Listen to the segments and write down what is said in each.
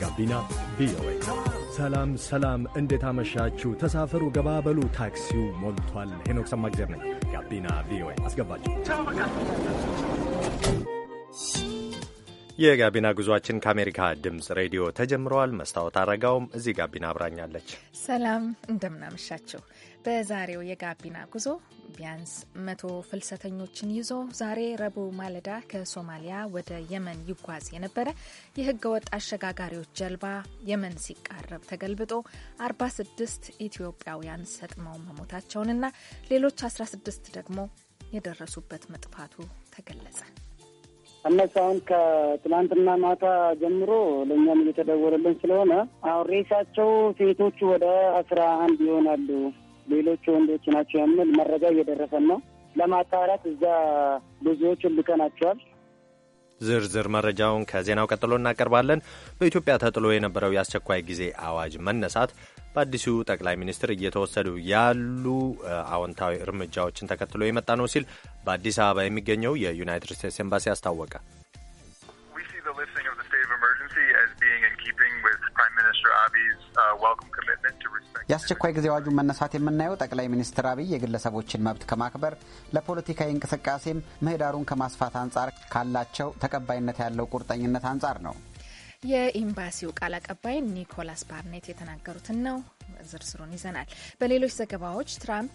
ጋቢና ቪኦኤ። ሰላም ሰላም፣ እንዴት አመሻችሁ? ተሳፈሩ፣ ገባበሉ፣ ታክሲው ሞልቷል። ሄኖክ ሰማግዜር ነኝ። ጋቢና ቪኦኤ ሰላም ሰላም እንዴት አመሻችሁ ተሳፈሩ በሉ ታክሲው ሞልቷል ሄኖክ ሰማግዜር ነኝ ጋቢና ቪኦኤ አስገባችሁ የጋቢና ጉዟችን ከአሜሪካ ድምፅ ሬዲዮ ተጀምረዋል። መስታወት አረጋውም እዚህ ጋቢና አብራኛለች። ሰላም እንደምናመሻችሁ በዛሬው የጋቢና ጉዞ ቢያንስ መቶ ፍልሰተኞችን ይዞ ዛሬ ረቡዕ ማለዳ ከሶማሊያ ወደ የመን ይጓዝ የነበረ ወጥ አሸጋጋሪዎች ጀልባ የመን ሲቃረብ ተገልብጦ 46 ኢትዮጵያውያን ሰጥመው መሞታቸውንና ሌሎች 16 ደግሞ የደረሱበት መጥፋቱ ተገለጸ። እነሱ አሁን ከትናንትና ማታ ጀምሮ ለእኛም እየተደወለልን ስለሆነ አሁን ሬሳቸው ሴቶቹ ወደ አስራ አንድ ይሆናሉ ሌሎች ወንዶች ናቸው የሚል መረጃ እየደረሰን ነው። ለማጣራት እዛ ብዙዎች ልከናቸዋል። ዝርዝር መረጃውን ከዜናው ቀጥሎ እናቀርባለን። በኢትዮጵያ ተጥሎ የነበረው የአስቸኳይ ጊዜ አዋጅ መነሳት በአዲሱ ጠቅላይ ሚኒስትር እየተወሰዱ ያሉ አዎንታዊ እርምጃዎችን ተከትሎ የመጣ ነው ሲል በአዲስ አበባ የሚገኘው የዩናይትድ ስቴትስ ኤምባሲ አስታወቀ። Uh, የአስቸኳይ ጊዜ አዋጁ መነሳት የምናየው ጠቅላይ ሚኒስትር አብይ የግለሰቦችን መብት ከማክበር ለፖለቲካዊ እንቅስቃሴም ምህዳሩን ከማስፋት አንጻር ካላቸው ተቀባይነት ያለው ቁርጠኝነት አንጻር ነው። የኤምባሲው ቃል አቀባይ ኒኮላስ ባርኔት የተናገሩትን ነው። ዝርዝሩን ይዘናል። በሌሎች ዘገባዎች ትራምፕ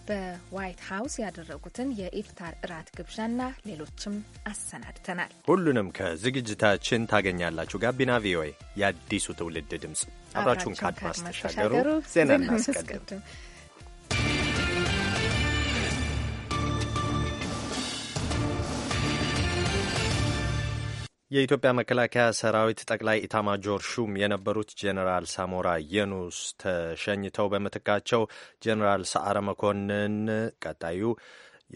በዋይት ሀውስ ያደረጉትን የኢፍታር እራት ግብዣና ሌሎችም አሰናድተናል። ሁሉንም ከዝግጅታችን ታገኛላችሁ። ጋቢና ቪኦኤ የአዲሱ ትውልድ ድምፅ፣ አብራችሁን ካድማስ ተሻገሩ። ዜና እናስቀድም። የኢትዮጵያ መከላከያ ሰራዊት ጠቅላይ ኢታማጆር ሹም የነበሩት ጄኔራል ሳሞራ የኑስ ተሸኝተው በምትካቸው ጄኔራል ሰዓረ መኮንን ቀጣዩ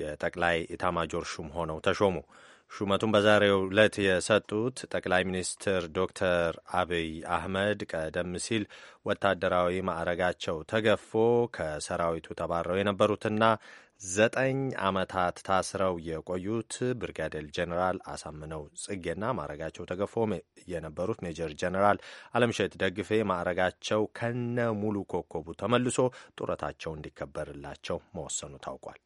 የጠቅላይ ኢታማጆር ሹም ሆነው ተሾሙ። ሹመቱን በዛሬው ዕለት የሰጡት ጠቅላይ ሚኒስትር ዶክተር አብይ አህመድ ቀደም ሲል ወታደራዊ ማዕረጋቸው ተገፎ ከሰራዊቱ ተባረው የነበሩትና ዘጠኝ ዓመታት ታስረው የቆዩት ብርጋዴር ጀኔራል አሳምነው ጽጌና ማዕረጋቸው ተገፎ የነበሩት ሜጀር ጀኔራል አለምሸት ደግፌ ማዕረጋቸው ከነ ሙሉ ኮከቡ ተመልሶ ጡረታቸው እንዲከበርላቸው መወሰኑ ታውቋል።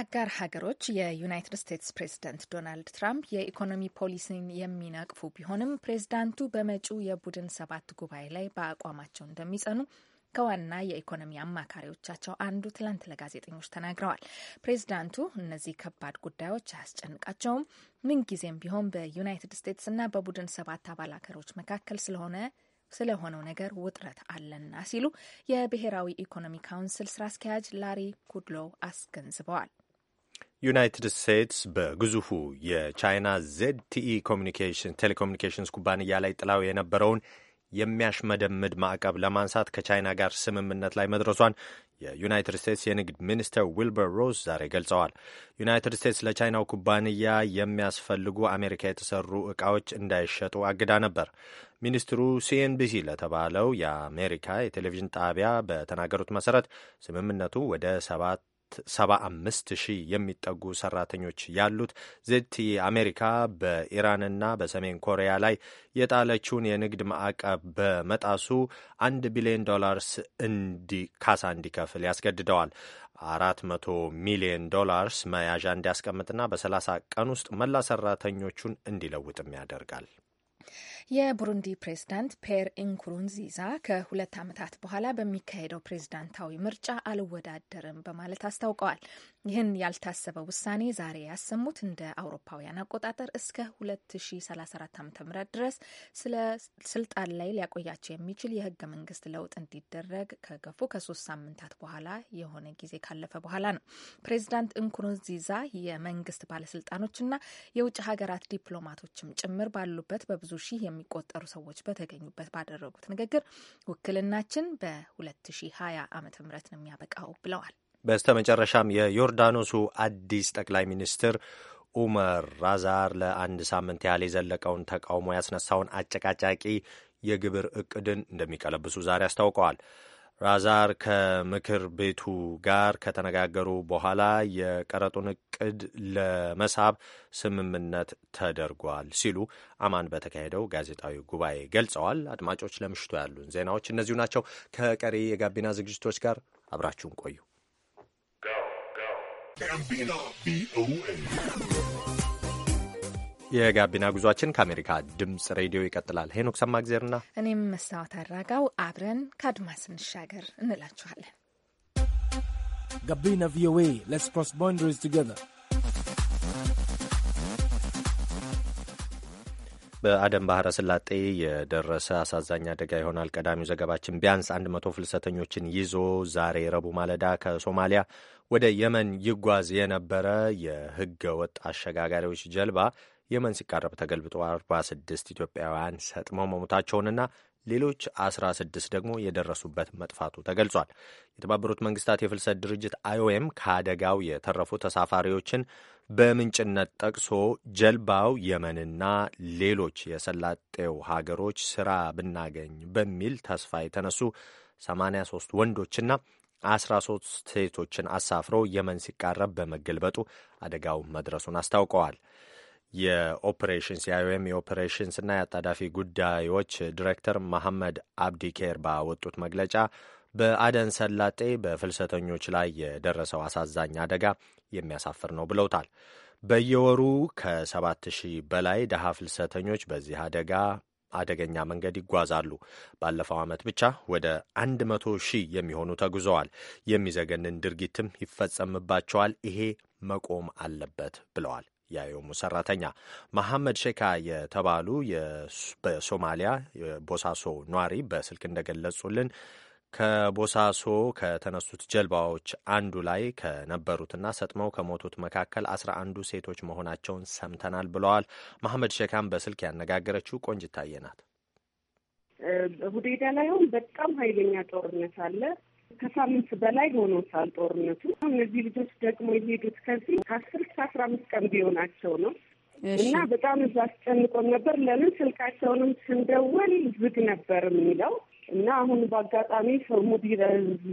አጋር ሀገሮች የዩናይትድ ስቴትስ ፕሬዝዳንት ዶናልድ ትራምፕ የኢኮኖሚ ፖሊሲን የሚነቅፉ ቢሆንም ፕሬዝዳንቱ በመጪው የቡድን ሰባት ጉባኤ ላይ በአቋማቸው እንደሚጸኑ ከዋና የኢኮኖሚ አማካሪዎቻቸው አንዱ ትላንት ለጋዜጠኞች ተናግረዋል። ፕሬዚዳንቱ እነዚህ ከባድ ጉዳዮች አያስጨንቃቸውም፣ ምንጊዜም ቢሆን በዩናይትድ ስቴትስ እና በቡድን ሰባት አባል ሀገሮች መካከል ስለሆነ ስለሆነው ነገር ውጥረት አለና ሲሉ የብሔራዊ ኢኮኖሚ ካውንስል ስራ አስኪያጅ ላሪ ኩድሎ አስገንዝበዋል። ዩናይትድ ስቴትስ በግዙፉ የቻይና ዜድቲኢ ቴሌኮሙኒኬሽንስ ኩባንያ ላይ ጥላው የነበረውን የሚያሽመደምድ ማዕቀብ ለማንሳት ከቻይና ጋር ስምምነት ላይ መድረሷን የዩናይትድ ስቴትስ የንግድ ሚኒስትር ዊልበር ሮስ ዛሬ ገልጸዋል። ዩናይትድ ስቴትስ ለቻይናው ኩባንያ የሚያስፈልጉ አሜሪካ የተሰሩ ዕቃዎች እንዳይሸጡ አግዳ ነበር። ሚኒስትሩ ሲኤንቢሲ ለተባለው የአሜሪካ የቴሌቪዥን ጣቢያ በተናገሩት መሰረት ስምምነቱ ወደ ሰባት 75 ሺህ የሚጠጉ ሰራተኞች ያሉት ዜቲ አሜሪካ በኢራንና በሰሜን ኮሪያ ላይ የጣለችውን የንግድ ማዕቀብ በመጣሱ አንድ ቢሊዮን ዶላርስ እንዲ ካሳ እንዲከፍል ያስገድደዋል። መቶ ሚሊዮን ዶላርስ መያዣ እንዲያስቀምጥና በ ቀን ውስጥ መላ ሰራተኞቹን እንዲለውጥም ያደርጋል። የቡሩንዲ ፕሬዝዳንት ፔር ኢንኩሩንዚዛ ከሁለት ዓመታት በኋላ በሚካሄደው ፕሬዝዳንታዊ ምርጫ አልወዳደርም በማለት አስታውቀዋል። ይህን ያልታሰበ ውሳኔ ዛሬ ያሰሙት እንደ አውሮፓውያን አቆጣጠር እስከ 2034 ዓ ም ድረስ ስለ ስልጣን ላይ ሊያቆያቸው የሚችል የህገ መንግስት ለውጥ እንዲደረግ ከገፉ ከሶስት ሳምንታት በኋላ የሆነ ጊዜ ካለፈ በኋላ ነው። ፕሬዚዳንት ኢንኩሩንዚዛ የመንግስት ባለስልጣኖችና የውጭ ሀገራት ዲፕሎማቶችም ጭምር ባሉበት በብዙ ሺህ የሚቆጠሩ ሰዎች በተገኙበት ባደረጉት ንግግር ውክልናችን በ2020 ዓመተ ምህረት ነው የሚያበቃው ብለዋል። በስተመጨረሻም የዮርዳኖሱ አዲስ ጠቅላይ ሚኒስትር ኡመር ራዛር ለአንድ ሳምንት ያህል የዘለቀውን ተቃውሞ ያስነሳውን አጨቃጫቂ የግብር እቅድን እንደሚቀለብሱ ዛሬ አስታውቀዋል። ራዛር ከምክር ቤቱ ጋር ከተነጋገሩ በኋላ የቀረጡን እቅድ ለመሳብ ስምምነት ተደርጓል ሲሉ አማን በተካሄደው ጋዜጣዊ ጉባኤ ገልጸዋል። አድማጮች፣ ለምሽቱ ያሉን ዜናዎች እነዚሁ ናቸው። ከቀሪ የጋቢና ዝግጅቶች ጋር አብራችሁን ቆዩ። የጋቢና ጉዟችን ከአሜሪካ ድምፅ ሬዲዮ ይቀጥላል። ሄኖክ ሰማግዜርና እኔም መስታወት አድራጋው አብረን ከአድማስ እንሻገር እንላችኋለን። ጋቢና ቪኦኤ ሌትስ ክሮስ ቦንደሪስ ቱጌዘር በአደን ባህረ ስላጤ የደረሰ አሳዛኝ አደጋ ይሆናል ቀዳሚው ዘገባችን። ቢያንስ 100 ፍልሰተኞችን ይዞ ዛሬ ረቡዕ ማለዳ ከሶማሊያ ወደ የመን ይጓዝ የነበረ የህገ ወጥ አሸጋጋሪዎች ጀልባ የመን ሲቃረብ ተገልብጦ 46 ኢትዮጵያውያን ሰጥመው መሞታቸውንና ሌሎች 16 ደግሞ የደረሱበት መጥፋቱ ተገልጿል። የተባበሩት መንግስታት የፍልሰት ድርጅት አይኦኤም ከአደጋው የተረፉ ተሳፋሪዎችን በምንጭነት ጠቅሶ ጀልባው የመንና ሌሎች የሰላጤው ሀገሮች ስራ ብናገኝ በሚል ተስፋ የተነሱ 83 ወንዶችና 13 ሴቶችን አሳፍሮ የመን ሲቃረብ በመገልበጡ አደጋው መድረሱን አስታውቀዋል። የኦፕሬሽንስ የአይኦኤም እና የአጣዳፊ ጉዳዮች ዲሬክተር መሐመድ አብዲኬር ባወጡት መግለጫ በአደን ሰላጤ በፍልሰተኞች ላይ የደረሰው አሳዛኝ አደጋ የሚያሳፍር ነው ብለውታል። በየወሩ ከሰባት ሺህ በላይ ደሃ ፍልሰተኞች በዚህ አደጋ አደገኛ መንገድ ይጓዛሉ። ባለፈው ዓመት ብቻ ወደ አንድ መቶ ሺህ የሚሆኑ ተጉዘዋል። የሚዘገንን ድርጊትም ይፈጸምባቸዋል። ይሄ መቆም አለበት ብለዋል ያየሙ ሰራተኛ መሐመድ ሼካ የተባሉ በሶማሊያ ቦሳሶ ኗሪ በስልክ እንደገለጹልን ከቦሳሶ ከተነሱት ጀልባዎች አንዱ ላይ ከነበሩትና ሰጥመው ከሞቱት መካከል አስራ አንዱ ሴቶች መሆናቸውን ሰምተናል ብለዋል። መሐመድ ሼካን በስልክ ያነጋገረችው ቆንጅታዬ ናት። ሁዴዳ ላይሆን በጣም ኃይለኛ ጦርነት አለ። ከሳምንት በላይ ሆኖታል ጦርነቱ። እነዚህ ልጆች ደግሞ የሄዱት ከዚህ ከአስር እስከ አስራ አምስት ቀን ቢሆናቸው ነው እና በጣም እዛ አስጨንቆን ነበር። ለምን ስልካቸውንም ስንደወል ዝግ ነበር የሚለው እና አሁን በአጋጣሚ ሙዲረ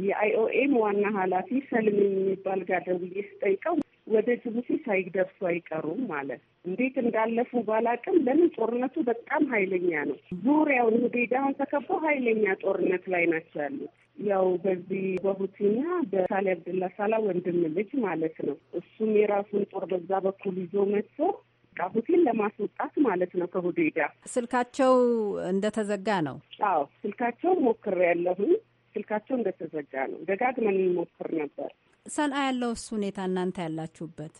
የአይኦኤም ዋና ኃላፊ ሰልም የሚባል ጋር ደውዬ ስጠይቀው ወደ ጅቡቲ ሳይደርሱ አይቀሩም ማለት እንዴት እንዳለፉ ባላቅም፣ ለምን ጦርነቱ በጣም ኃይለኛ ነው። ዙሪያውን ሁዴዳ አሁን ተከበው ኃይለኛ ጦርነት ላይ ናቸው ያሉት። ያው በዚህ በሁቲና በሳሌ አብድላ ሳላ ወንድም ልጅ ማለት ነው። እሱም የራሱን ጦር በዛ በኩል ይዞ መጥቶ ሁቲን ለማስወጣት ማለት ነው ከሁዴዳ። ስልካቸው እንደተዘጋ ነው። አዎ ስልካቸው ያለሁኝ ስልካቸው እንደተዘጋ ነው። ደጋግመን ሞክር ነበር ሰንአ ያለው እሱ ሁኔታ እናንተ ያላችሁበት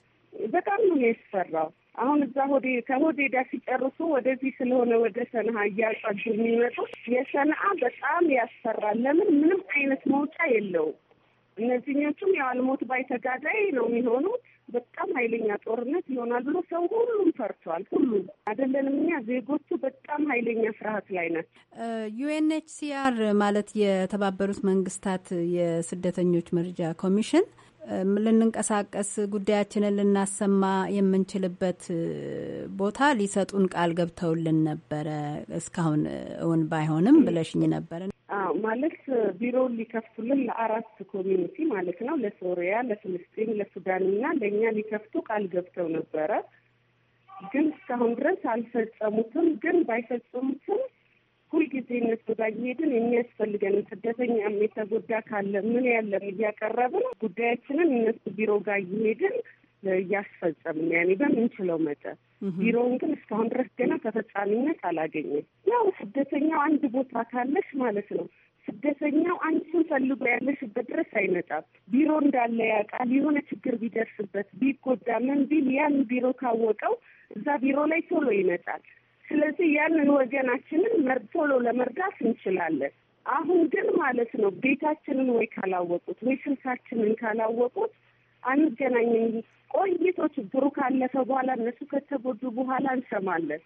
በጣም ነው የተሰራው። አሁን እዛ ሆዴ ከሆዴ ዳ ሲጨርሱ ወደዚህ ስለሆነ ወደ ሰንአ እያጫዱ የሚመጡ የሰንአ በጣም ያስፈራል። ለምን ምንም አይነት መውጫ የለውም። እነዚህኞቹም የአልሞት አልሞት ባይ ተጋዳይ ነው የሚሆኑት። በጣም ኃይለኛ ጦርነት ይሆናል ብሎ ሰው ሁሉም ፈርቷል። ሁሉም አይደለንም እኛ ዜጎቹ በጣም ኃይለኛ ፍርሃት ላይ ናቸው። ዩኤንኤችሲአር ማለት የተባበሩት መንግስታት የስደተኞች መርጃ ኮሚሽን ልንንቀሳቀስ ጉዳያችንን ልናሰማ የምንችልበት ቦታ ሊሰጡን ቃል ገብተውልን ነበረ። እስካሁን እውን ባይሆንም ብለሽኝ ነበረ። ማለት ቢሮውን ሊከፍቱልን ለአራት ኮሚኒቲ ማለት ነው፣ ለሶሪያ፣ ለፍልስጤን፣ ለሱዳን እና ለእኛ ሊከፍቱ ቃል ገብተው ነበረ። ግን እስካሁን ድረስ አልፈጸሙትም። ግን ባይፈጸሙትም ሁልጊዜ እነሱ ጋር እየሄድን የሚያስፈልገንም ስደተኛም የተጎዳ ካለ ምን ያለም እያቀረብን ጉዳያችንን እነሱ ቢሮ ጋር እየሄድን እያስፈጸምን ያኔ በምንችለው መጠን ቢሮውን ግን እስካሁን ድረስ ገና ተፈጻሚነት አላገኘም። ያው ስደተኛው አንድ ቦታ ካለሽ ማለት ነው ስደተኛው አንቺን ፈልጎ ያለሽበት ድረስ አይመጣም። ቢሮ እንዳለ ያውቃል። የሆነ ችግር ቢደርስበት ቢጎዳ ምን ቢል ያን ቢሮ ካወቀው እዛ ቢሮ ላይ ቶሎ ይመጣል። ስለዚህ ያንን ወገናችንን መርቶሎ ለመርዳት እንችላለን። አሁን ግን ማለት ነው ቤታችንን ወይ ካላወቁት ወይ ስልሳችንን ካላወቁት አንገናኝም። ቆይቶ ችግሩ ካለፈ በኋላ እነሱ ከተጎዱ በኋላ እንሰማለን።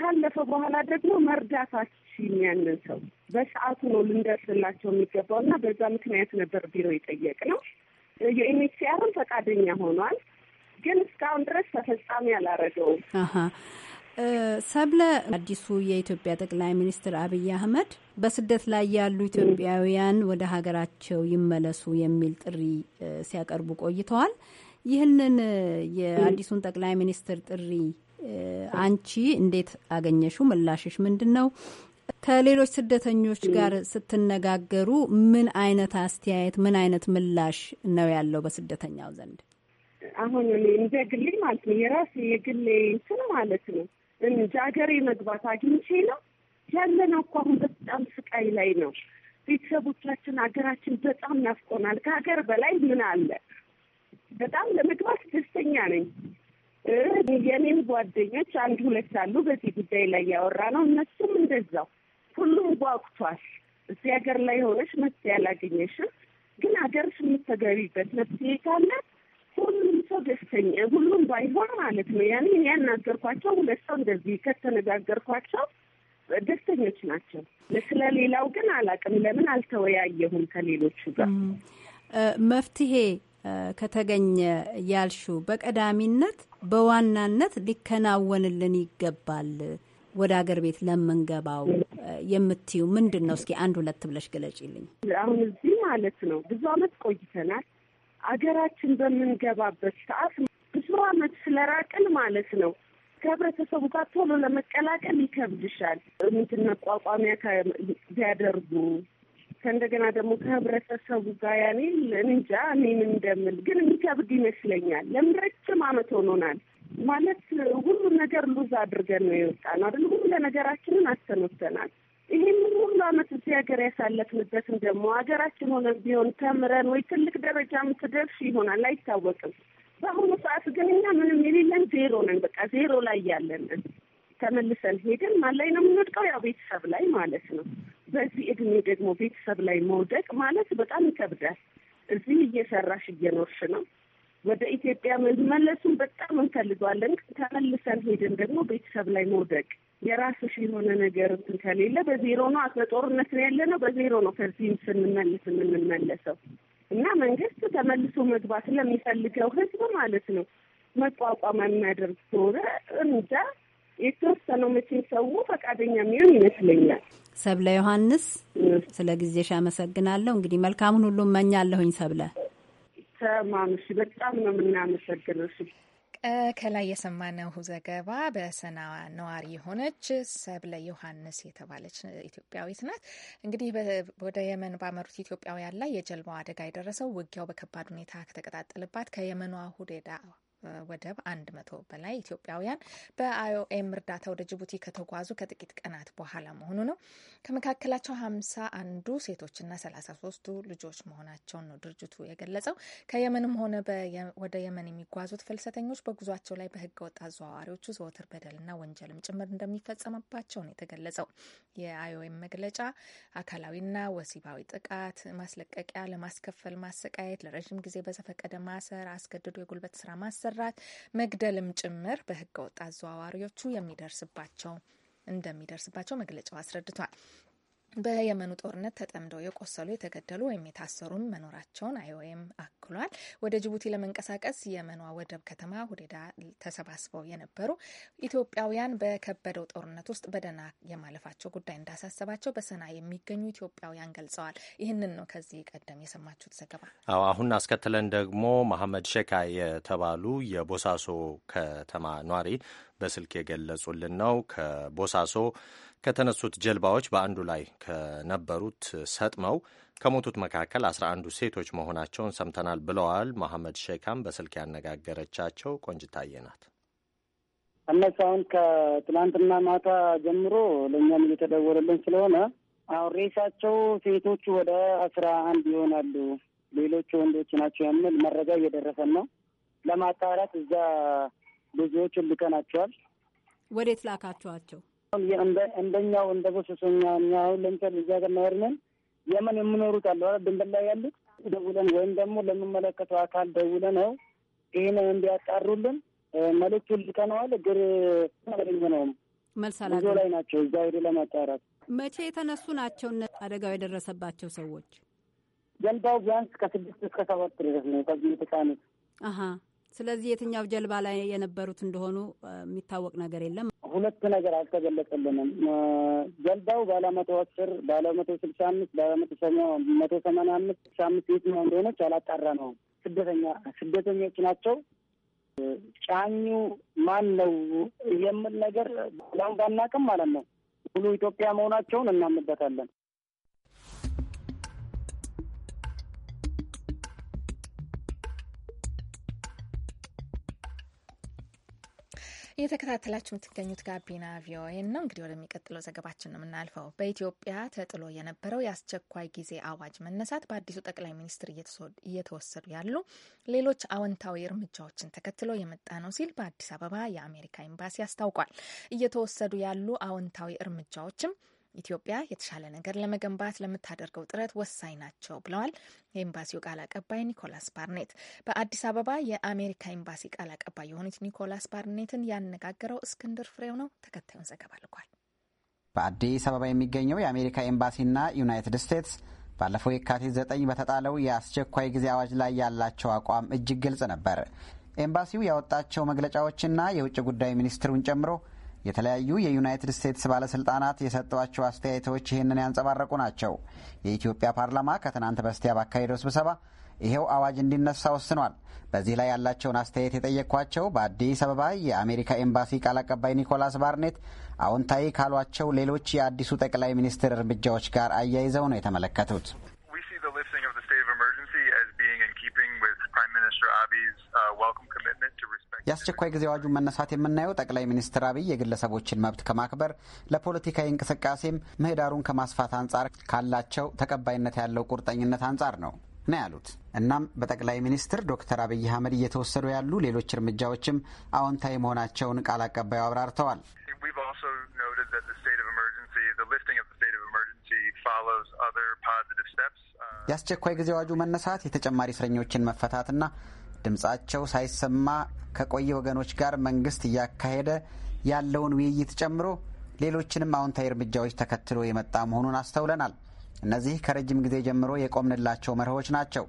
ካለፈ በኋላ ደግሞ መርዳታችን ያንን ሰው በሰዓቱ ነው ልንደርስላቸው የሚገባው እና በዛ ምክንያት ነበር ቢሮ የጠየቅነው። የኤንኤችሲአርም ፈቃደኛ ሆኗል፣ ግን እስካሁን ድረስ ተፈጻሚ አላረገውም። ሰብለ፣ አዲሱ የኢትዮጵያ ጠቅላይ ሚኒስትር አብይ አህመድ በስደት ላይ ያሉ ኢትዮጵያውያን ወደ ሀገራቸው ይመለሱ የሚል ጥሪ ሲያቀርቡ ቆይተዋል። ይህንን የአዲሱን ጠቅላይ ሚኒስትር ጥሪ አንቺ እንዴት አገኘሹ? ምላሽሽ ምንድን ነው? ከሌሎች ስደተኞች ጋር ስትነጋገሩ ምን አይነት አስተያየት፣ ምን አይነት ምላሽ ነው ያለው በስደተኛው ዘንድ? አሁን እንደ ግሌ ማለት ነው የራሴ የግሌ እንትን ማለት ነው እንጂ ሀገሬ መግባት አግኝቼ ነው ያለነው እኮ አሁን በጣም ስቃይ ላይ ነው። ቤተሰቦቻችን ሀገራችን በጣም ናፍቆናል። ከሀገር በላይ ምን አለ? በጣም ለመግባት ደስተኛ ነኝ። የኔም ጓደኞች አንድ ሁለት አሉ በዚህ ጉዳይ ላይ ያወራ ነው። እነሱም እንደዛው ሁሉም ጓጉቷል። እዚህ ሀገር ላይ ሆነች መፍትሄ አላገኘሽም፣ ግን ሀገርሽ የምትገቢበት መፍትሄ ካለ ሁሉም ሰው ደስተኛ ሁሉም ባይሆን ማለት ነው። ያኔ ያናገርኳቸው ሁለት ሰው እንደዚህ ከተነጋገርኳቸው ደስተኞች ናቸው። ስለ ሌላው ግን አላውቅም። ለምን አልተወያየሁም ከሌሎቹ ጋር መፍትሄ ከተገኘ ያልሹ በቀዳሚነት በዋናነት ሊከናወንልን ይገባል ወደ አገር ቤት ለምንገባው የምትዩ ምንድን ነው? እስኪ አንድ ሁለት ብለሽ ገለጪልኝ። አሁን እዚህ ማለት ነው ብዙ አመት ቆይተናል። አገራችን በምንገባበት ሰዓት ብዙ አመት ስለራቅን ማለት ነው ከህብረተሰቡ ጋር ቶሎ ለመቀላቀል ይከብድሻል። ምንድን መቋቋሚያ ቢያደርጉ ከእንደገና ደግሞ ከህብረተሰቡ ጋር ያኔ እንጃ እኔም እንደምል ግን የሚከብድ ይመስለኛል። ለምን ረጅም አመት ሆኖናል ማለት ሁሉ ነገር ሉዝ አድርገን ነው የወጣ ነው አይደል? ሁሉ ለነገራችንን አስተኖተናል። ይህን ሁሉ አመት እዚህ ሀገር ያሳለፍንበትም ደግሞ ሀገራችን ሆነ ቢሆን ተምረን ወይ ትልቅ ደረጃ ምትደርሽ ይሆናል አይታወቅም። በአሁኑ ሰዓት ግን እኛ ምንም የሌለን ዜሮ ነን። በቃ ዜሮ ላይ ያለን ተመልሰን ሄደን ማን ላይ ነው የምንወድቀው? ያው ቤተሰብ ላይ ማለት ነው። በዚህ እድሜ ደግሞ ቤተሰብ ላይ መውደቅ ማለት በጣም ይከብዳል። እዚህ እየሰራሽ እየኖርሽ ነው ወደ ኢትዮጵያ መመለሱን በጣም እንፈልገዋለን። ተመልሰን ሄደን ደግሞ ቤተሰብ ላይ መውደቅ የራስሽ የሆነ ነገር እንትን ከሌለ በዜሮ ነው። በጦርነት ነው ያለ ነው፣ በዜሮ ነው ከዚህም ስንመልስ የምንመለሰው እና መንግስት ተመልሶ መግባት ለሚፈልገው ህዝብ ማለት ነው መቋቋም የሚያደርግ ከሆነ እንጃ የተወሰነው መቼም ሰው ፈቃደኛ የሚሆን ይመስለኛል። ሰብለ ዮሐንስ ስለ ጊዜሽ አመሰግናለሁ። እንግዲህ መልካሙን ሁሉ እመኛለሁኝ ሰብለ ተማኑ። በጣም ነው የምናመሰግነው። ከላይ የሰማነው ዘገባ በሰና ነዋሪ የሆነች ሰብለ ዮሐንስ የተባለች ኢትዮጵያዊት ናት። እንግዲህ ወደ የመን ባመሩት ኢትዮጵያውያን ላይ የጀልባው አደጋ የደረሰው ውጊያው በከባድ ሁኔታ ከተቀጣጠለባት ከየመኗ ሁዴዳ ወደብ አንድ መቶ በላይ ኢትዮጵያውያን በአይኦኤም እርዳታ ወደ ጅቡቲ ከተጓዙ ከጥቂት ቀናት በኋላ መሆኑ ነው። ከመካከላቸው ሀምሳ አንዱ ሴቶችና ሰላሳ ሶስቱ ልጆች መሆናቸውን ነው ድርጅቱ የገለጸው። ከየመንም ሆነ ወደ የመን የሚጓዙት ፍልሰተኞች በጉዟቸው ላይ በህገ ወጥ አዘዋዋሪዎቹ ዘወትር በደልና ወንጀልም ጭምር እንደሚፈጸምባቸው ነው የተገለጸው። የአይኦኤም መግለጫ አካላዊና ወሲባዊ ጥቃት፣ ማስለቀቂያ፣ ለማስከፈል ማሰቃየት፣ ለረዥም ጊዜ በዘፈቀደ ማሰር፣ አስገድዶ የጉልበት ስራ ማሰር ማሰራት፣ መግደልም ጭምር በህገወጥ አዘዋዋሪዎቹ የሚደርስባቸው እንደሚደርስባቸው መግለጫው አስረድቷል። በየመኑ ጦርነት ተጠምደው የቆሰሉ የተገደሉ ወይም የታሰሩም መኖራቸውን አይኦኤም አክሏል። ወደ ጅቡቲ ለመንቀሳቀስ የመኗ ወደብ ከተማ ሁዴዳ ተሰባስበው የነበሩ ኢትዮጵያውያን በከበደው ጦርነት ውስጥ በደህና የማለፋቸው ጉዳይ እንዳሳሰባቸው በሰና የሚገኙ ኢትዮጵያውያን ገልጸዋል። ይህንን ነው ከዚህ ቀደም የሰማችሁት ዘገባ። አዎ፣ አሁን አስከትለን ደግሞ መሐመድ ሸካ የተባሉ የቦሳሶ ከተማ ኗሪ በስልክ የገለጹልን ነው ከቦሳሶ ከተነሱት ጀልባዎች በአንዱ ላይ ከነበሩት ሰጥመው ከሞቱት መካከል አስራ አንዱ ሴቶች መሆናቸውን ሰምተናል ብለዋል። መሐመድ ሼካም በስልክ ያነጋገረቻቸው ቆንጅታዬ ናት። እነሱ አሁን ከትናንትና ማታ ጀምሮ ለእኛም እየተደወለልን ስለሆነ አሁን ሬሳቸው ሴቶቹ ወደ አስራ አንድ ይሆናሉ፣ ሌሎቹ ወንዶች ናቸው የሚል መረጃ እየደረሰን ነው። ለማጣራት እዛ ብዙዎች ልከናቸዋል። ወዴት ላካችኋቸው? እንደኛው እንደ ቦሶሶኛ እኛ አሁን ለምሳሌ እዚያ ጋር ማሄርነን የመን የምኖሩት አለ ድንበር ላይ ያሉት ደውለን ወይም ደግሞ ለሚመለከተው አካል ደውለ ነው ይህን እንዲያጣሩልን መልእክቱን ልከነዋል። እግር አላገኘነውም። መልሳላ ጉዞ ላይ ናቸው። እዛ ሄዶ ለማጣራት መቼ የተነሱ ናቸው አደጋው የደረሰባቸው ሰዎች? ጀልባው ቢያንስ ከስድስት እስከ ሰባት ድረስ ነው ከዚህ የተጫኑት። ስለዚህ የትኛው ጀልባ ላይ የነበሩት እንደሆኑ የሚታወቅ ነገር የለም። ሁለት ነገር አልተገለጸልንም። ጀልባው ባለ መቶ አስር ባለ መቶ ስልሳ አምስት ባለ መቶ መቶ ሰማንያ አምስት ስልሳ አምስት የትኛው እንደሆነች አላጣራ ነው። ስደተኛ ስደተኞች ናቸው። ጫኙ ማን ነው የምል ነገር ሁን ባናቅም ማለት ነው ሙሉ ኢትዮጵያ መሆናቸውን እናምንበታለን። እየተከታተላችሁ የምትገኙት ጋቢና ቪኦኤ ነው። እንግዲህ ወደሚቀጥለው ዘገባችን ነው የምናልፈው። በኢትዮጵያ ተጥሎ የነበረው የአስቸኳይ ጊዜ አዋጅ መነሳት በአዲሱ ጠቅላይ ሚኒስትር እየተወሰዱ ያሉ ሌሎች አዎንታዊ እርምጃዎችን ተከትሎ የመጣ ነው ሲል በአዲስ አበባ የአሜሪካ ኤምባሲ አስታውቋል። እየተወሰዱ ያሉ አዎንታዊ እርምጃዎችም ኢትዮጵያ የተሻለ ነገር ለመገንባት ለምታደርገው ጥረት ወሳኝ ናቸው ብለዋል የኤምባሲው ቃል አቀባይ ኒኮላስ ባርኔት። በአዲስ አበባ የአሜሪካ ኤምባሲ ቃል አቀባይ የሆኑት ኒኮላስ ባርኔትን ያነጋገረው እስክንድር ፍሬው ነው። ተከታዩን ዘገባ ልኳል። በአዲስ አበባ የሚገኘው የአሜሪካ ኤምባሲና ዩናይትድ ስቴትስ ባለፈው የካቲት ዘጠኝ በተጣለው የአስቸኳይ ጊዜ አዋጅ ላይ ያላቸው አቋም እጅግ ግልጽ ነበር። ኤምባሲው ያወጣቸው መግለጫዎችና የውጭ ጉዳይ ሚኒስትሩን ጨምሮ የተለያዩ የዩናይትድ ስቴትስ ባለስልጣናት የሰጧቸው አስተያየቶች ይህንን ያንጸባረቁ ናቸው። የኢትዮጵያ ፓርላማ ከትናንት በስቲያ ባካሄደው ስብሰባ ይኸው አዋጅ እንዲነሳ ወስኗል። በዚህ ላይ ያላቸውን አስተያየት የጠየቅኳቸው በአዲስ አበባ የአሜሪካ ኤምባሲ ቃል አቀባይ ኒኮላስ ባርኔት አዎንታዊ ካሏቸው ሌሎች የአዲሱ ጠቅላይ ሚኒስትር እርምጃዎች ጋር አያይዘው ነው የተመለከቱት። Uh, የአስቸኳይ ጊዜ አዋጁን መነሳት የምናየው ጠቅላይ ሚኒስትር አብይ የግለሰቦችን መብት ከማክበር ለፖለቲካዊ እንቅስቃሴም ምህዳሩን ከማስፋት አንጻር ካላቸው ተቀባይነት ያለው ቁርጠኝነት አንጻር ነው ነው ያሉት። እናም በጠቅላይ ሚኒስትር ዶክተር አብይ አህመድ እየተወሰዱ ያሉ ሌሎች እርምጃዎችም አዎንታዊ መሆናቸውን ቃል አቀባዩ አብራርተዋል። Uh, የአስቸኳይ ጊዜ አዋጁ መነሳት የተጨማሪ እስረኞችን መፈታትና ድምጻቸው ሳይሰማ ከቆየ ወገኖች ጋር መንግስት እያካሄደ ያለውን ውይይት ጨምሮ ሌሎችንም አዎንታዊ እርምጃዎች ተከትሎ የመጣ መሆኑን አስተውለናል። እነዚህ ከረጅም ጊዜ ጀምሮ የቆምንላቸው መርሆች ናቸው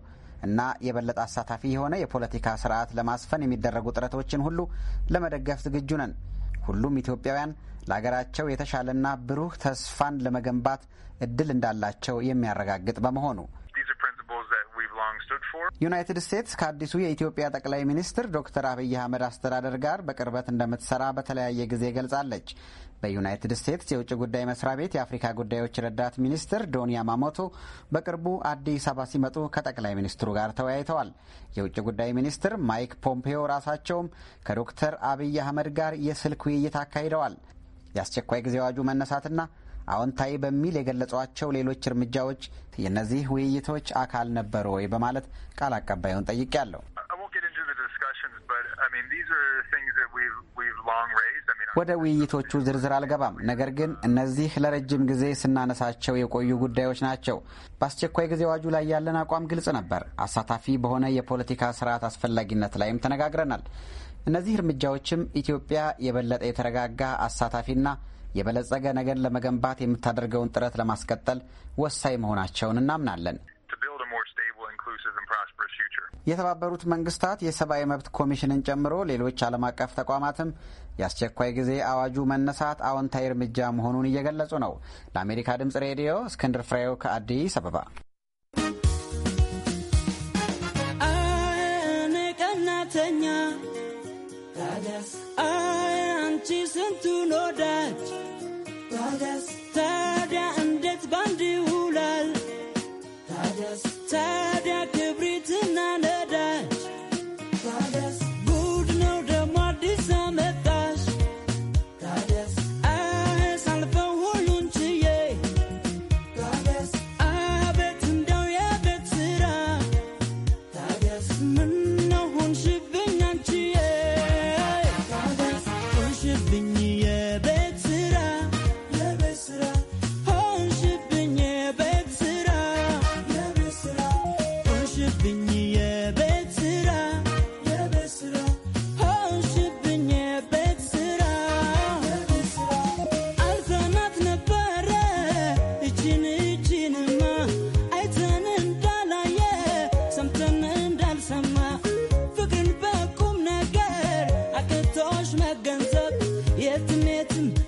እና የበለጠ አሳታፊ የሆነ የፖለቲካ ስርዓት ለማስፈን የሚደረጉ ጥረቶችን ሁሉ ለመደገፍ ዝግጁ ነን። ሁሉም ኢትዮጵያውያን ለሀገራቸው የተሻለና ብሩህ ተስፋን ለመገንባት እድል እንዳላቸው የሚያረጋግጥ በመሆኑ ዩናይትድ ስቴትስ ከአዲሱ የኢትዮጵያ ጠቅላይ ሚኒስትር ዶክተር አብይ አህመድ አስተዳደር ጋር በቅርበት እንደምትሰራ በተለያየ ጊዜ ገልጻለች። በዩናይትድ ስቴትስ የውጭ ጉዳይ መስሪያ ቤት የአፍሪካ ጉዳዮች ረዳት ሚኒስትር ዶን ያማሞቶ በቅርቡ አዲስ አበባ ሲመጡ ከጠቅላይ ሚኒስትሩ ጋር ተወያይተዋል። የውጭ ጉዳይ ሚኒስትር ማይክ ፖምፔዮ ራሳቸውም ከዶክተር አብይ አህመድ ጋር የስልክ ውይይት አካሂደዋል። የአስቸኳይ ጊዜ አዋጁ መነሳትና አዎንታዊ በሚል የገለጿቸው ሌሎች እርምጃዎች የእነዚህ ውይይቶች አካል ነበሩ ወይ በማለት ቃል አቀባዩን ጠይቄያለሁ። ወደ ውይይቶቹ ዝርዝር አልገባም። ነገር ግን እነዚህ ለረጅም ጊዜ ስናነሳቸው የቆዩ ጉዳዮች ናቸው። በአስቸኳይ ጊዜ አዋጁ ላይ ያለን አቋም ግልጽ ነበር። አሳታፊ በሆነ የፖለቲካ ስርዓት አስፈላጊነት ላይም ተነጋግረናል። እነዚህ እርምጃዎችም ኢትዮጵያ የበለጠ የተረጋጋ አሳታፊና የበለጸገ ነገን ለመገንባት የምታደርገውን ጥረት ለማስቀጠል ወሳኝ መሆናቸውን እናምናለን። የተባበሩት መንግስታት የሰብአዊ መብት ኮሚሽንን ጨምሮ ሌሎች ዓለም አቀፍ ተቋማትም የአስቸኳይ ጊዜ አዋጁ መነሳት አዎንታዊ እርምጃ መሆኑን እየገለጹ ነው። ለአሜሪካ ድምፅ ሬዲዮ እስክንድር ፍሬው ከአዲስ አበባ Brothers, I am chosen to know that. Brothers,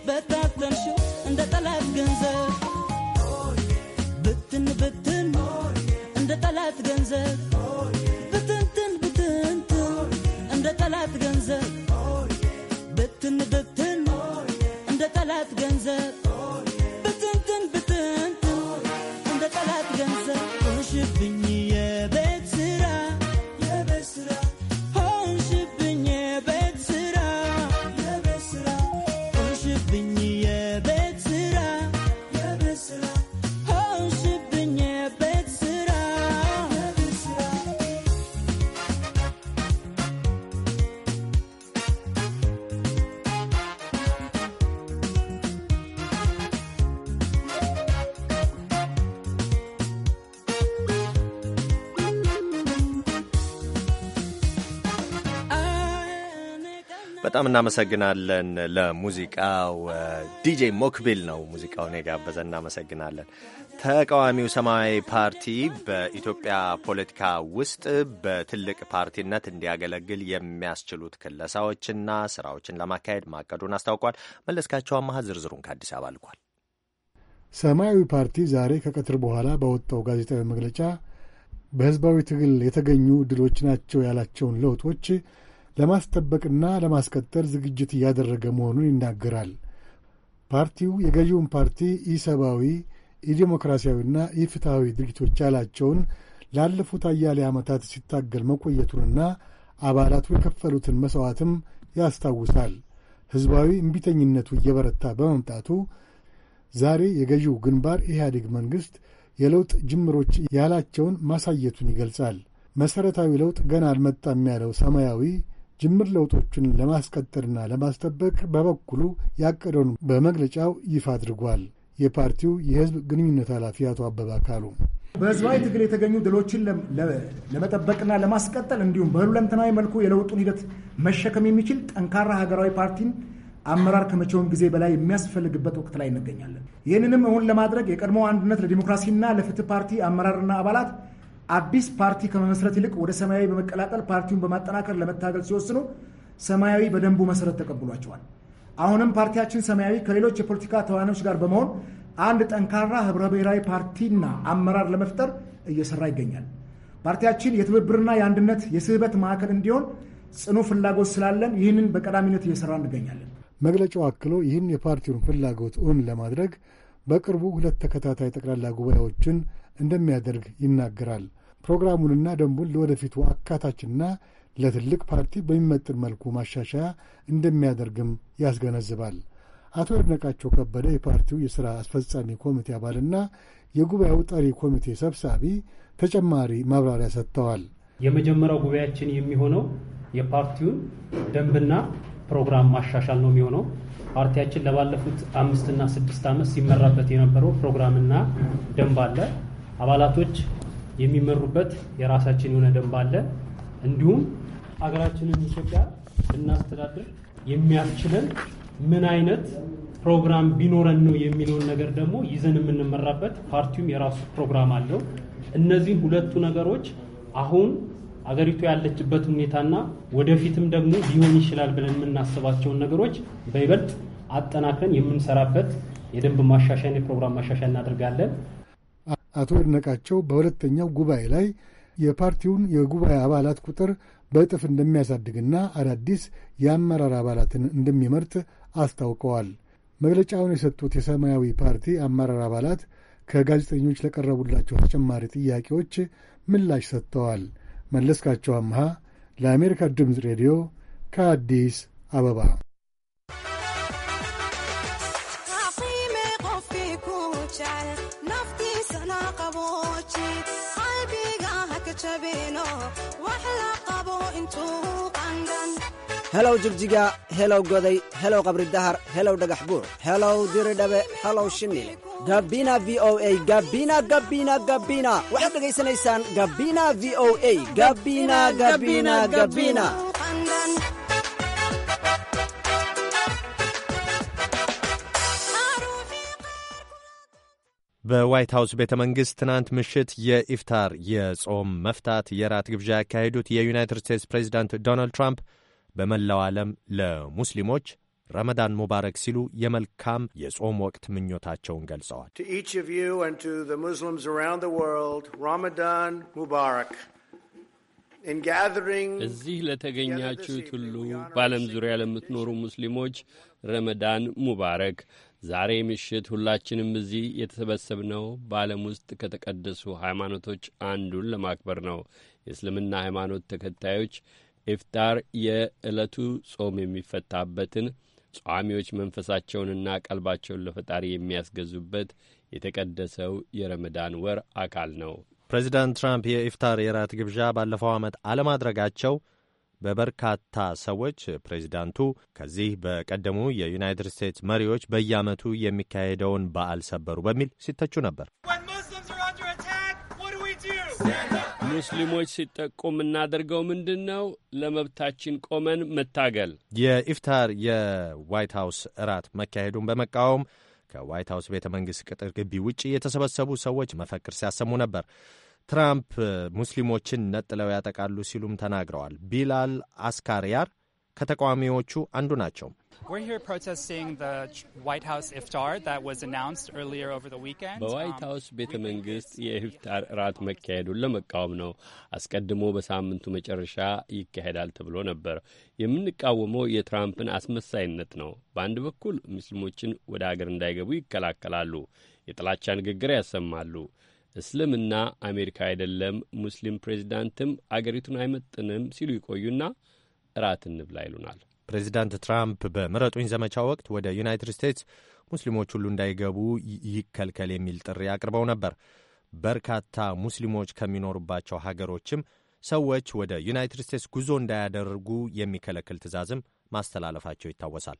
በታተንሽው እንደ ጠላት ገንዘብ በጣም እናመሰግናለን። ለሙዚቃው ዲጄ ሞክቢል ነው ሙዚቃውን የጋበዘ። እናመሰግናለን። ተቃዋሚው ሰማያዊ ፓርቲ በኢትዮጵያ ፖለቲካ ውስጥ በትልቅ ፓርቲነት እንዲያገለግል የሚያስችሉት ክለሳዎችና ስራዎችን ለማካሄድ ማቀዱን አስታውቋል። መለስካቸው አማሃ ዝርዝሩን ከአዲስ አበባ ልኳል። ሰማያዊ ፓርቲ ዛሬ ከቀትር በኋላ በወጣው ጋዜጣዊ መግለጫ በህዝባዊ ትግል የተገኙ ድሎች ናቸው ያላቸውን ለውጦች ለማስጠበቅና ለማስቀጠል ዝግጅት እያደረገ መሆኑን ይናገራል። ፓርቲው የገዢውን ፓርቲ ኢሰብአዊ፣ ኢዴሞክራሲያዊና ኢፍትሐዊ ድርጊቶች ያላቸውን ላለፉት አያሌ ዓመታት ሲታገል መቆየቱንና አባላቱ የከፈሉትን መሥዋዕትም ያስታውሳል። ሕዝባዊ እምቢተኝነቱ እየበረታ በመምጣቱ ዛሬ የገዢው ግንባር ኢህአዴግ መንግሥት የለውጥ ጅምሮች ያላቸውን ማሳየቱን ይገልጻል። መሠረታዊ ለውጥ ገና አልመጣም ያለው ሰማያዊ ጅምር ለውጦችን ለማስቀጠልና ለማስጠበቅ በበኩሉ ያቀደውን በመግለጫው ይፋ አድርጓል። የፓርቲው የህዝብ ግንኙነት ኃላፊ አቶ አበበ አካሉ በህዝባዊ ትግል የተገኙ ድሎችን ለመጠበቅና ለማስቀጠል እንዲሁም በሁለንተናዊ መልኩ የለውጡን ሂደት መሸከም የሚችል ጠንካራ ሀገራዊ ፓርቲን አመራር ከመቼውም ጊዜ በላይ የሚያስፈልግበት ወቅት ላይ እንገኛለን። ይህንንም እውን ለማድረግ የቀድሞ አንድነት ለዲሞክራሲና ለፍትህ ፓርቲ አመራርና አባላት አዲስ ፓርቲ ከመመስረት ይልቅ ወደ ሰማያዊ በመቀላቀል ፓርቲውን በማጠናከር ለመታገል ሲወስኑ ሰማያዊ በደንቡ መሰረት ተቀብሏቸዋል። አሁንም ፓርቲያችን ሰማያዊ ከሌሎች የፖለቲካ ተዋናዮች ጋር በመሆን አንድ ጠንካራ ህብረ ብሔራዊ ፓርቲና አመራር ለመፍጠር እየሰራ ይገኛል። ፓርቲያችን የትብብርና የአንድነት የስህበት ማዕከል እንዲሆን ጽኑ ፍላጎት ስላለን ይህንን በቀዳሚነት እየሰራ እንገኛለን። መግለጫው አክሎ ይህን የፓርቲውን ፍላጎት እውን ለማድረግ በቅርቡ ሁለት ተከታታይ ጠቅላላ ጉባኤዎችን እንደሚያደርግ ይናገራል። ፕሮግራሙንና ደንቡን ለወደፊቱ አካታችና ለትልቅ ፓርቲ በሚመጥን መልኩ ማሻሻያ እንደሚያደርግም ያስገነዝባል። አቶ ይድነቃቸው ከበደ የፓርቲው የሥራ አስፈጻሚ ኮሚቴ አባልና የጉባኤው ጠሪ ኮሚቴ ሰብሳቢ ተጨማሪ ማብራሪያ ሰጥተዋል። የመጀመሪያው ጉባኤያችን የሚሆነው የፓርቲውን ደንብና ፕሮግራም ማሻሻል ነው የሚሆነው። ፓርቲያችን ለባለፉት አምስትና ስድስት ዓመት ሲመራበት የነበረው ፕሮግራምና ደንብ አለ። አባላቶች የሚመሩበት የራሳችን የሆነ ደንብ አለ። እንዲሁም ሀገራችንን ኢትዮጵያ ልናስተዳድር የሚያስችለን ምን አይነት ፕሮግራም ቢኖረን ነው የሚለውን ነገር ደግሞ ይዘን የምንመራበት ፓርቲውም የራሱ ፕሮግራም አለው። እነዚህ ሁለቱ ነገሮች አሁን አገሪቱ ያለችበት ሁኔታና ወደፊትም ደግሞ ሊሆን ይችላል ብለን የምናስባቸውን ነገሮች በይበልጥ አጠናክረን የምንሰራበት የደንብ ማሻሻያ የፕሮግራም ማሻሻያ እናደርጋለን። አቶ ይድነቃቸው በሁለተኛው ጉባኤ ላይ የፓርቲውን የጉባኤ አባላት ቁጥር በእጥፍ እንደሚያሳድግና አዳዲስ የአመራር አባላትን እንደሚመርጥ አስታውቀዋል። መግለጫውን የሰጡት የሰማያዊ ፓርቲ አመራር አባላት ከጋዜጠኞች ለቀረቡላቸው ተጨማሪ ጥያቄዎች ምላሽ ሰጥተዋል። መለስካቸው አምሃ ለአሜሪካ ድምፅ ሬዲዮ ከአዲስ አበባ helow jigjiga helow goday helow qabri dahar helow dhagax buur helow diridhabe helow shinil gabina v o a gabina gabina gabina waxaad dhegaysanaysaan gabina v o a gabina gabina gabina በዋይት ሀውስ ቤተ መንግሥት ትናንት ምሽት የኢፍታር የጾም መፍታት የራት ግብዣ ያካሄዱት የዩናይትድ ስቴትስ ፕሬዚዳንት ዶናልድ ትራምፕ በመላው ዓለም ለሙስሊሞች ረመዳን ሙባረክ ሲሉ የመልካም የጾም ወቅት ምኞታቸውን ገልጸዋል። እዚህ ለተገኛችሁት ሁሉ በዓለም ዙሪያ ለምትኖሩ ሙስሊሞች ረመዳን ሙባረክ ዛሬ ምሽት ሁላችንም እዚህ የተሰበሰብነው በዓለም ውስጥ ከተቀደሱ ሃይማኖቶች አንዱን ለማክበር ነው። የእስልምና ሃይማኖት ተከታዮች ኢፍጣር የዕለቱ ጾም የሚፈታበትን ጿሚዎች መንፈሳቸውንና ቀልባቸውን ለፈጣሪ የሚያስገዙበት የተቀደሰው የረመዳን ወር አካል ነው። ፕሬዚዳንት ትራምፕ የኢፍታር የራት ግብዣ ባለፈው ዓመት አለማድረጋቸው በበርካታ ሰዎች ፕሬዚዳንቱ ከዚህ በቀደሙ የዩናይትድ ስቴትስ መሪዎች በየዓመቱ የሚካሄደውን በዓል ሰበሩ በሚል ሲተቹ ነበር። ሙስሊሞች ሲጠቁ የምናደርገው ምንድን ነው? ለመብታችን ቆመን መታገል። የኢፍታር የዋይት ሀውስ እራት መካሄዱን በመቃወም ከዋይት ሀውስ ቤተ መንግሥት ቅጥር ግቢ ውጭ የተሰበሰቡ ሰዎች መፈክር ሲያሰሙ ነበር። ትራምፕ ሙስሊሞችን ነጥለው ያጠቃሉ ሲሉም ተናግረዋል። ቢላል አስካሪያር ከተቃዋሚዎቹ አንዱ ናቸው። በዋይት um, ሀውስ ቤተ መንግስት የኢፍጣር እራት መካሄዱን ለመቃወም ነው። አስቀድሞ በሳምንቱ መጨረሻ ይካሄዳል ተብሎ ነበር። የምንቃወመው የትራምፕን አስመሳይነት ነው። በአንድ በኩል ሙስሊሞችን ወደ አገር እንዳይገቡ ይከላከላሉ፣ የጥላቻ ንግግር ያሰማሉ እስልምና አሜሪካ አይደለም፣ ሙስሊም ፕሬዚዳንትም አገሪቱን አይመጥንም ሲሉ ይቆዩና እራት እንብላ ይሉናል። ፕሬዚዳንት ትራምፕ በምረጡኝ ዘመቻ ወቅት ወደ ዩናይትድ ስቴትስ ሙስሊሞች ሁሉ እንዳይገቡ ይከልከል የሚል ጥሪ አቅርበው ነበር። በርካታ ሙስሊሞች ከሚኖሩባቸው ሀገሮችም ሰዎች ወደ ዩናይትድ ስቴትስ ጉዞ እንዳያደርጉ የሚከለክል ትዕዛዝም ማስተላለፋቸው ይታወሳል።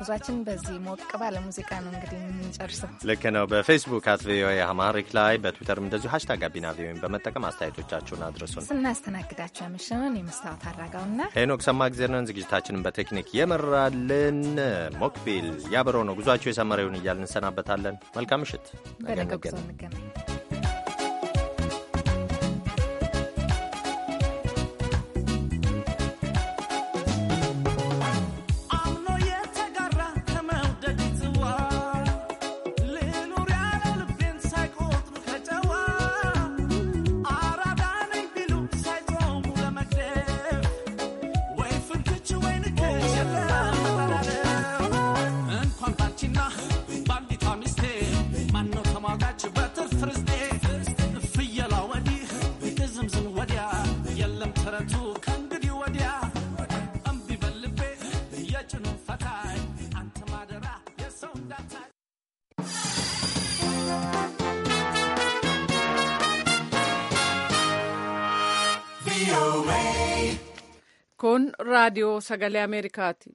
ጉዟችን በዚህ ሞቅ ባለ ሙዚቃ ነው እንግዲህ የምንጨርሰው። ልክ ነው። በፌስቡክ አት ቪኦኤ አማሪክ ላይ በትዊተርም እንደዚሁ ሀሽታግ ጋቢና ቪኦኤን በመጠቀም አስተያየቶቻችሁን አድረሱን። ስናስተናግዳችሁ ያመሸነውን የመስታወት አራጋውና ሄኖክ ነን። ዝግጅታችንን በቴክኒክ የመራልን ሞክቢል ያበረው ነው። ጉዟችሁ የሰመረ ይሁን እያልን እንሰናበታለን። መልካም ምሽት። በነገ ጉዞ እንገናኝ። Radio Sagalee americati